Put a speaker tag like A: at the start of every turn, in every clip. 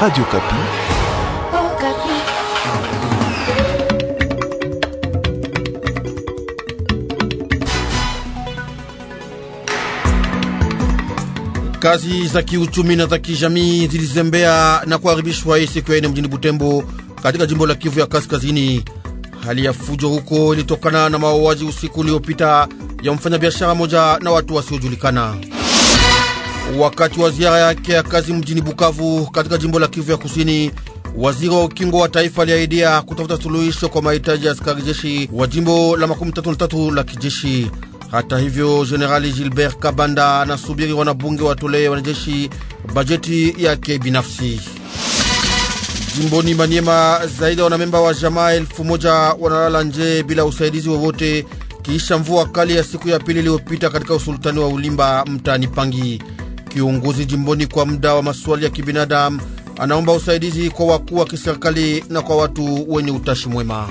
A: Radio Kapi. Oh,
B: Kapi.
C: Kazi za kiuchumi na za kijamii zilizembea na kuharibishwa hii siku ya ine mjini Butembo katika jimbo la Kivu ya Kaskazini. Hali ya fujo huko ilitokana na mauaji usiku uliopita ya mfanyabiashara moja na watu wasiojulikana. Wakati wa ziara yake ya kazi mjini Bukavu katika jimbo la Kivu ya Kusini, waziri wa ukingo wa taifa aliahidia kutafuta suluhisho kwa mahitaji ya askari jeshi wa jimbo la makumi tatu na tatu la kijeshi. Hata hivyo, Jenerali Gilbert Kabanda anasubiri wanabunge watolee wanajeshi bajeti yake binafsi. Jimboni Maniema, zaidi ya wanamemba wa jamaa elfu moja wanalala nje bila usaidizi wowote kisha mvua kali ya siku ya pili iliyopita katika usultani wa Ulimba mtaani Pangi kiongozi jimboni kwa muda wa masuala ya kibinadamu, anaomba usaidizi kwa wakuu wa kiserikali na kwa watu wenye utashi mwema.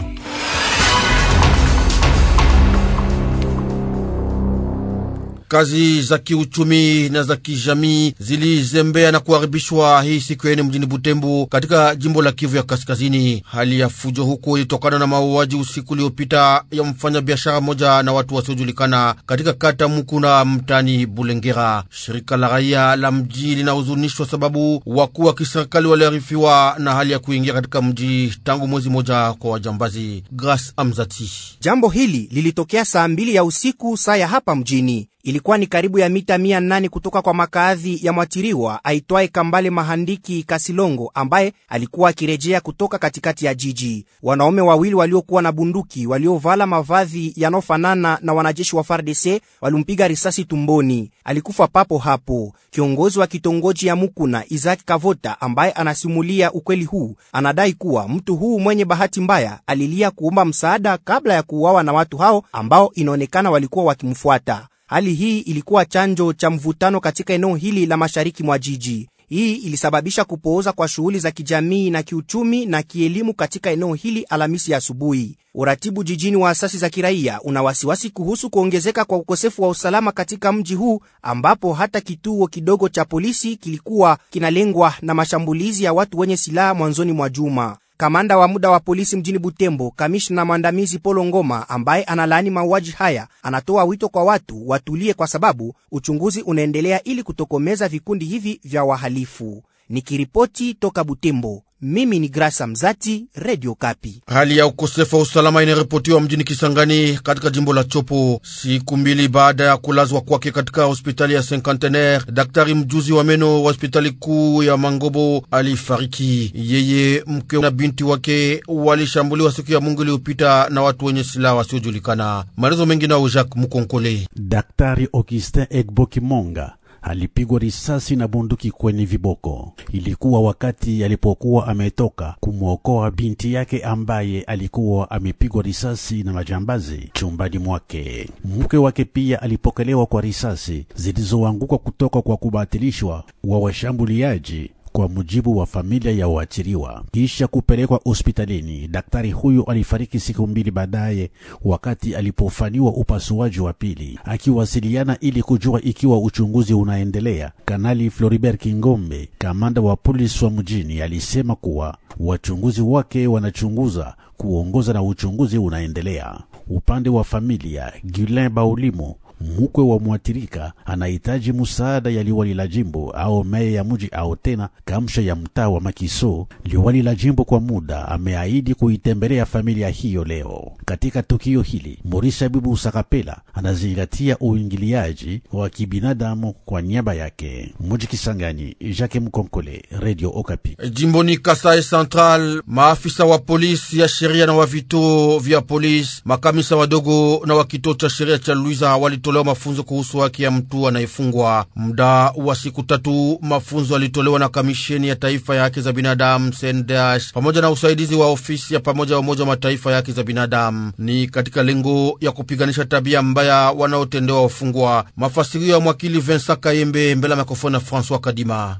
C: kazi za kiuchumi na za kijamii zilizembea na kuharibishwa hii siku ya mjini Butembo katika jimbo la Kivu ya Kaskazini. Hali ya fujo huko ilitokana na mauaji usiku uliopita ya mfanya biashara moja na watu wasiojulikana katika kata Mukuna mtani Bulengera. Shirika la raia la mji linahuzunishwa sababu wakuu wa kiserikali waliharifiwa na hali ya kuingia katika mji tangu mwezi moja kwa
D: wajambazi. Grace Amzati, jambo hili lilitokea saa mbili ya usiku saa ya hapa mjini ilikuwa ni karibu ya mita 800 kutoka kwa makaazi ya mwatiriwa aitwaye Kambale Mahandiki Kasilongo, ambaye alikuwa akirejea kutoka katikati ya jiji. Wanaume wawili waliokuwa na bunduki waliovala mavazi yanayofanana na wanajeshi wa FARDC walimpiga risasi tumboni, alikufa papo hapo. Kiongozi wa kitongoji ya Mukuna Isaac Kavota, ambaye anasimulia ukweli huu, anadai kuwa mtu huu mwenye bahati mbaya alilia kuomba msaada kabla ya kuuawa na watu hao ambao inaonekana walikuwa wakimfuata. Hali hii ilikuwa chanjo cha mvutano katika eneo hili la mashariki mwa jiji. Hii ilisababisha kupooza kwa shughuli za kijamii na kiuchumi na kielimu katika eneo hili. Alhamisi asubuhi, uratibu jijini wa asasi za kiraia una wasiwasi kuhusu kuongezeka kwa ukosefu wa usalama katika mji huu ambapo hata kituo kidogo cha polisi kilikuwa kinalengwa na mashambulizi ya watu wenye silaha mwanzoni mwa juma kamanda wa muda wa polisi mjini Butembo, kamishna mwandamizi Polo Ngoma, ambaye analaani mauaji haya, anatoa wito kwa watu watulie, kwa sababu uchunguzi unaendelea ili kutokomeza vikundi hivi vya wahalifu. Nikiripoti toka Butembo, mimi ni Grasa Mzati, Radio Kapi. Hali
C: ya ukosefu wa usalama inaripotiwa mjini Kisangani katika jimbo la Chopo siku mbili baada ya kulazwa kwake katika hospitali ya Cinquantenaire. Daktari mjuzi wa meno wa hospitali kuu ya Mangobo alifariki. Yeye, mke na binti wake walishambuliwa siku ya Mungu iliyopita na watu wenye silaha wasiojulikana.
A: Maelezo mengi nao Jacques Mukonkole. Daktari Augustin Egbo Kimonga alipigwa risasi na bunduki kwenye viboko. Ilikuwa wakati alipokuwa ametoka kumwokoa binti yake ambaye alikuwa amepigwa risasi na majambazi chumbani mwake. Mke wake pia alipokelewa kwa risasi zilizoanguka kutoka kwa kubatilishwa wa washambuliaji kwa mujibu wa familia ya uachiriwa, kisha kupelekwa hospitalini. Daktari huyu alifariki siku mbili baadaye wakati alipofanyiwa upasuaji wa pili. Akiwasiliana ili kujua ikiwa uchunguzi unaendelea, Kanali Floribert Kingombe, kamanda wa polisi wa mjini, alisema kuwa wachunguzi wake wanachunguza kuongoza na uchunguzi unaendelea. Upande wa familia, Gulin Baulimo mkwe wa mwathirika anahitaji msaada ya liwali la jimbo au meya ya mji au tena kamsha ya mtaa wa Makiso, liwali la jimbo kwa muda ameahidi kuitembelea familia hiyo leo. Katika tukio hili, Morisa Bibu Sakapela anazingatia uingiliaji wa kibinadamu kwa niaba yake. Mji Kisangani, Jacques Mkonkole, Radio Okapi.
C: Jimboni Kasai Central, maafisa wa polisi ya sheria na wa vituo vya polisi, makamisa wadogo na wa kituo cha sheria cha Luiza walito walitolewa mafunzo kuhusu haki ya mtu anayefungwa. Muda wa siku tatu, mafunzo yalitolewa na Kamisheni ya Taifa ya Haki za Binadamu SENDASH pamoja na usaidizi wa ofisi ya pamoja ya Umoja wa Mataifa ya haki za binadamu. Ni katika lengo ya kupiganisha tabia mbaya wanaotendewa wafungwa. Mafasirio ya mwakili Vincent Kayembe mbele ya mikrofoni ya Francois Kadima.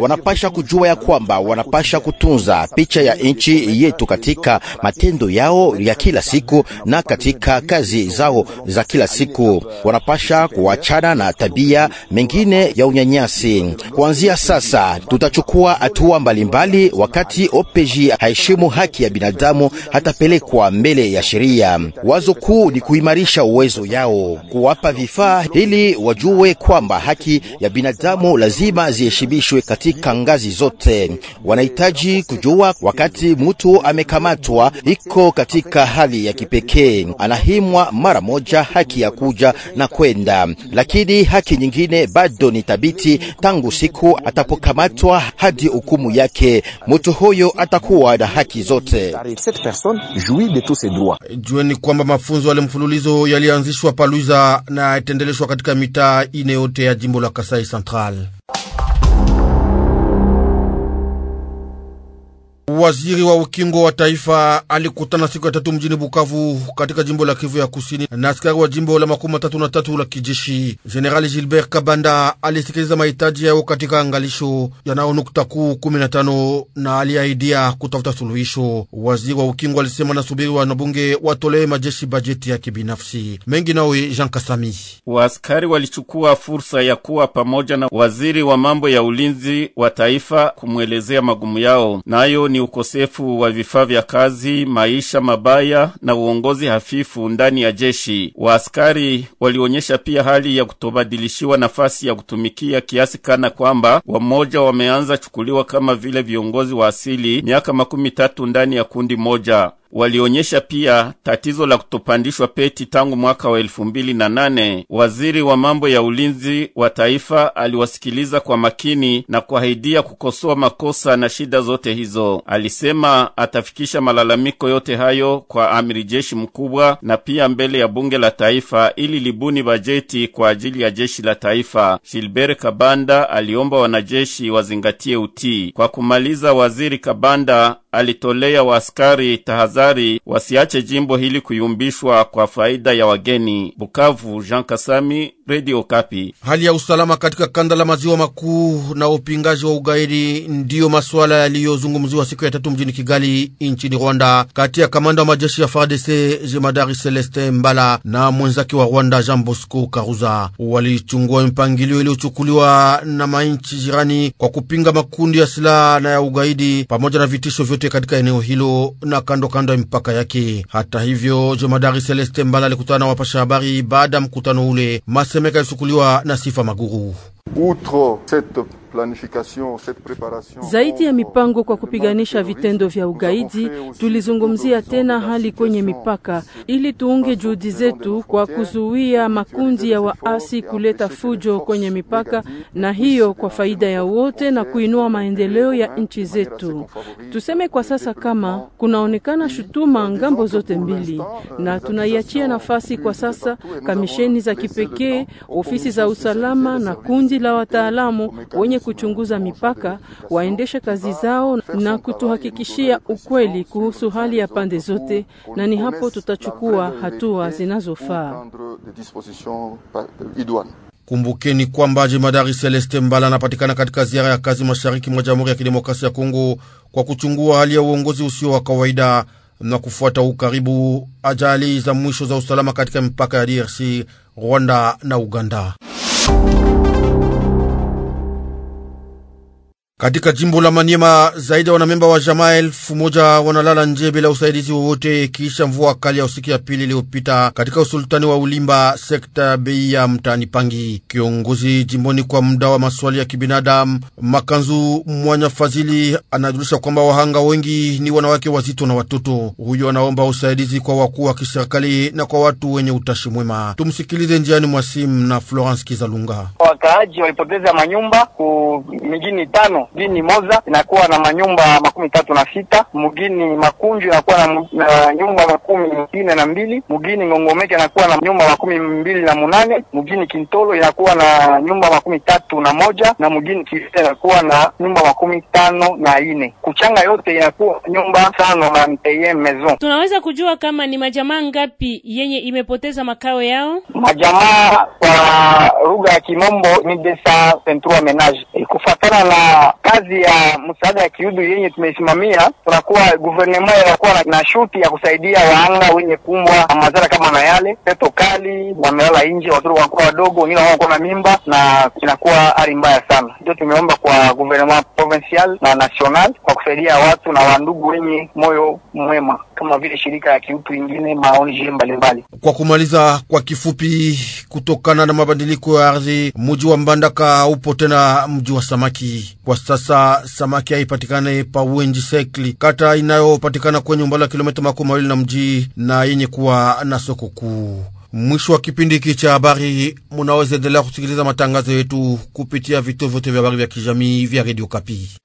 E: Wanapasha kujua ya kwamba wanapasha kutunza picha ya nchi yetu katika matendo yao ya kila siku na na katika kazi zao za kila siku, wanapasha kuachana na tabia mengine ya unyanyasi. Kuanzia sasa, tutachukua hatua mbalimbali. Wakati OPJ haheshimu haki ya binadamu, hatapelekwa mbele ya sheria. Wazo kuu ni kuimarisha uwezo yao, kuwapa vifaa ili wajue kwamba haki ya binadamu lazima ziheshimishwe katika ngazi zote. Wanahitaji kujua wakati mtu amekamatwa iko katika hali ya kipekee yake, anahimwa mara moja haki ya kuja na kwenda, lakini haki nyingine bado ni thabiti tangu siku atapokamatwa hadi hukumu yake. Mtu huyo atakuwa na haki zote. Jueni kwamba
C: mafunzo yale mfululizo yalianzishwa Paluiza na yatendeleshwa katika mitaa ine yote ya jimbo la Kasai Central. Waziri wa ukingo wa taifa alikutana siku ya tatu mjini Bukavu katika jimbo la Kivu ya Kusini na askari wa jimbo la makumi matatu na tatu la kijeshi. Jenerali Gilbert Kabanda alisikiliza mahitaji yao katika angalisho yanayo nukta kuu kumi na tano na aliahidia kutafuta suluhisho. Waziri wa ukingo alisema nasubiri wanabunge watolee majeshi bajeti ya kibinafsi mengi. Nawe Jean Kasami,
B: waaskari walichukua fursa ya kuwa pamoja na waziri wa mambo ya ulinzi wa taifa kumwelezea magumu yao nayo ni ukosefu wa vifaa vya kazi, maisha mabaya na uongozi hafifu ndani ya jeshi. Waaskari walionyesha pia hali ya kutobadilishiwa nafasi ya kutumikia kiasi kana kwamba wamoja wameanza chukuliwa kama vile viongozi wa asili miaka makumi tatu ndani ya kundi moja walionyesha pia tatizo la kutopandishwa peti tangu mwaka wa elfu mbili na nane. Waziri wa mambo ya ulinzi wa taifa aliwasikiliza kwa makini na kuahidia kukosoa makosa na shida zote hizo. Alisema atafikisha malalamiko yote hayo kwa amiri jeshi mkubwa na pia mbele ya bunge la taifa ili libuni bajeti kwa ajili ya jeshi la taifa. Gilbert Kabanda aliomba wanajeshi wazingatie utii. Kwa kumaliza, waziri Kabanda alitolea waaskari tahadhari Madaktari wasiache jimbo hili kuyumbishwa kwa faida ya wageni. Bukavu, Jean Kasami, Radio Kapi. Hali ya usalama
C: katika kanda la maziwa makuu na upingaji wa ugaidi ndiyo masuala yaliyozungumziwa siku ya tatu mjini Kigali nchini Rwanda, kati ya kamanda wa majeshi ya FARDC jemadari Celeste Mbala na mwenzake wa Rwanda Jean Bosco Karuza. Walichungua mipangilio iliyochukuliwa na mainchi jirani kwa kupinga makundi ya silaha na ya ugaidi pamoja na vitisho vyote katika eneo hilo na kando kando kuunda mipaka yake. Hata hivyo, jemadari Celeste Mbala alikutana na wapasha habari baada ya mkutano ule, masemeka yalisukuliwa na Sifa Maguru.
B: cette
E: zaidi ya mipango kwa kupiganisha vitendo vya ugaidi. Tulizungumzia tena hali kwenye mipaka, ili tuunge juhudi zetu kwa kuzuia makundi ya waasi kuleta fujo kwenye mipaka, na hiyo kwa faida ya wote na kuinua maendeleo ya nchi zetu. Tuseme kwa sasa kama kunaonekana shutuma ngambo zote mbili, euh, na tunaiachia nafasi kwa sasa kamisheni za kipekee, ofisi za usalama na kundi la wataalamu wenye kuchunguza mipaka waendeshe kazi zao na kutuhakikishia ukweli kuhusu hali ya pande zote, na ni hapo tutachukua hatua
B: zinazofaa.
C: Kumbukeni kwamba jemadari Celeste Mbala anapatikana katika ziara ya kazi mashariki mwa Jamhuri ya Kidemokrasia ya Kongo kwa kuchungua hali ya uongozi usio wa kawaida na kufuata ukaribu ajali za mwisho za usalama katika mipaka ya DRC, Rwanda na Uganda. Katika jimbo la Maniema, zaidi ya wanamemba wa jamaa elfu moja wanalala nje bila usaidizi wowote kiisha mvua kali ya usiku ya pili iliyopita katika usultani wa Ulimba, sekta ya bei ya mtaani Pangi. Kiongozi jimboni kwa muda wa maswali ya kibinadamu Makanzu Mwanya Fazili anajulisha kwamba wahanga wengi ni wanawake wazito na watoto. Huyo anaomba usaidizi kwa wakuu wa kiserikali na kwa watu wenye utashi mwema. Tumsikilize njiani simu na Florence Kizalunga.
E: Wakaaji walipoteza manyumba ku mijini tano mgini moza inakuwa na manyumba makumi tatu na sita mgini makunju inakuwa na, na nyumba makumi ine na mbili mgini ngongomeke inakuwa na nyumba makumi mbili na munane mgini kintolo inakuwa na nyumba makumi tatu na moja na mgini kivile inakuwa na nyumba makumi tano na ine kuchanga yote inakuwa nyumba tano na mpeye maison.
D: Tunaweza kujua kama ni majamaa ngapi yenye imepoteza makao yao?
E: Majamaa kwa lugha ya Kimombo ni desa sentrua menage kufatana na kazi ya msaada ya kiudu yenye tumeisimamia, tunakuwa guvernema inakuwa na shuti ya kusaidia waanga wenye kumbwa na madhara kama na yale peto kali, wamelala nje, watoto wanakuwa wadogo, wengine wanakuwa na mimba, na inakuwa hali mbaya sana. Ndio tumeomba kwa guvernema provincial na national kwa kusaidia watu na wandugu wenye moyo mwema kama vile shirika ya kiutu ingine maonje mbalimbali.
C: Kwa kumaliza kwa kifupi, kutokana na mabadiliko ya ardhi, mji wa Mbandaka upo tena mji wa samaki kwa sasa. Samaki haipatikane pa Wenji Sekli, kata inayopatikana kwenye umbali wa kilomita makumi mawili na mji na yenye kuwa na soko kuu. Mwisho wa kipindi hiki cha habari, munaweza endelea kusikiliza matangazo yetu kupitia vituo vyote vya habari vya kijamii vya Radio Kapi.